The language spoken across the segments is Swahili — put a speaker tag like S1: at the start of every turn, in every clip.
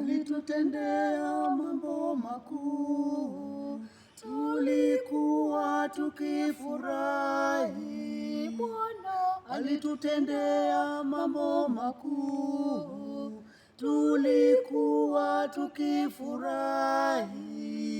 S1: alitutendea mambo makuu, tulikuwa tukifurahi.
S2: Bwana
S1: alitutendea mambo makuu, tulikuwa tukifurahi.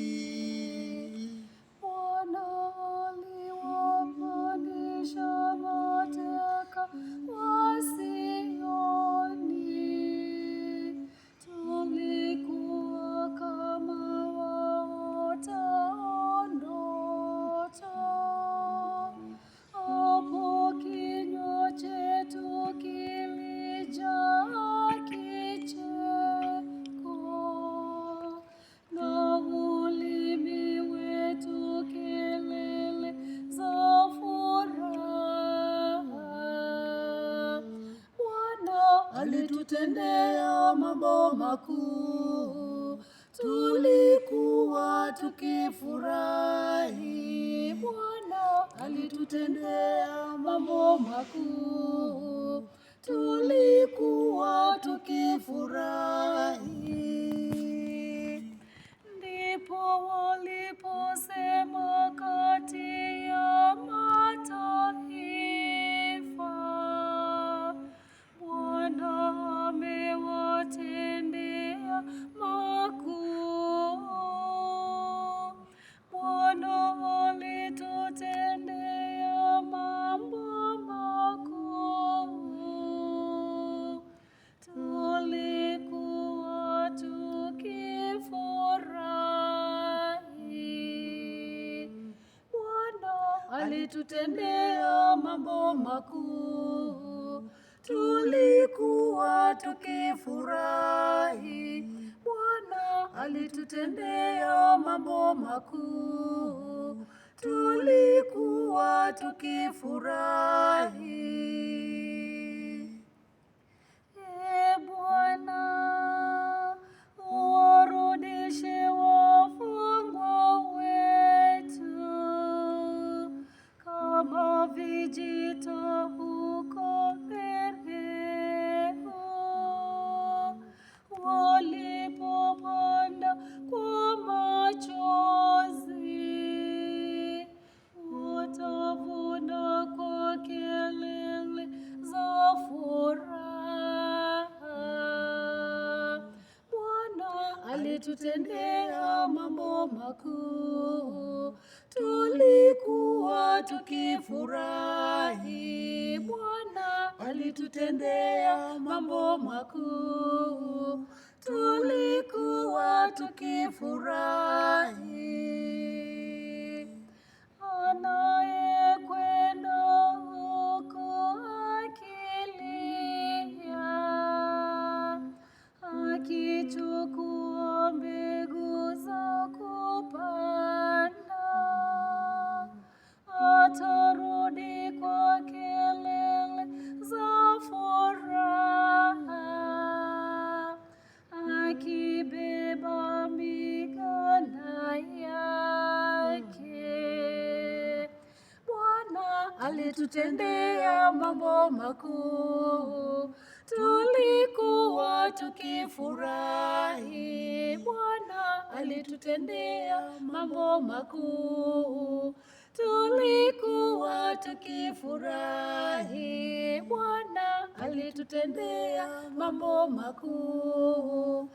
S1: alitutendea mambo makuu, tulikuwa tukifurahi.
S2: Bwana
S1: alitutendea mambo makuu, tulikuwa tukifurahi. alitutendea mambo makuu, tulikuwa tukifurahi.
S2: Bwana
S1: alitutendea mambo makuu, tulikuwa tukifurahi.
S2: kama vijito huko Pereo, walipopanda kwa machozi, watavuna kwa kelele za furaha. Bwana
S1: alitutendea mambo makuu tulikuwa tukifurahi.
S2: Bwana
S1: alitutendea mambo makuu, tulikuwa tukifurahi.
S2: watarudi kwa kelele za furaha, akibeba miganda yake. Bwana
S1: alitutendea mambo makuu, tulikuwa tukifurahi.
S2: Bwana
S1: alitutendea mambo makuu tulikuwa tukifurahi.
S2: Bwana
S1: alitutendea mambo makuu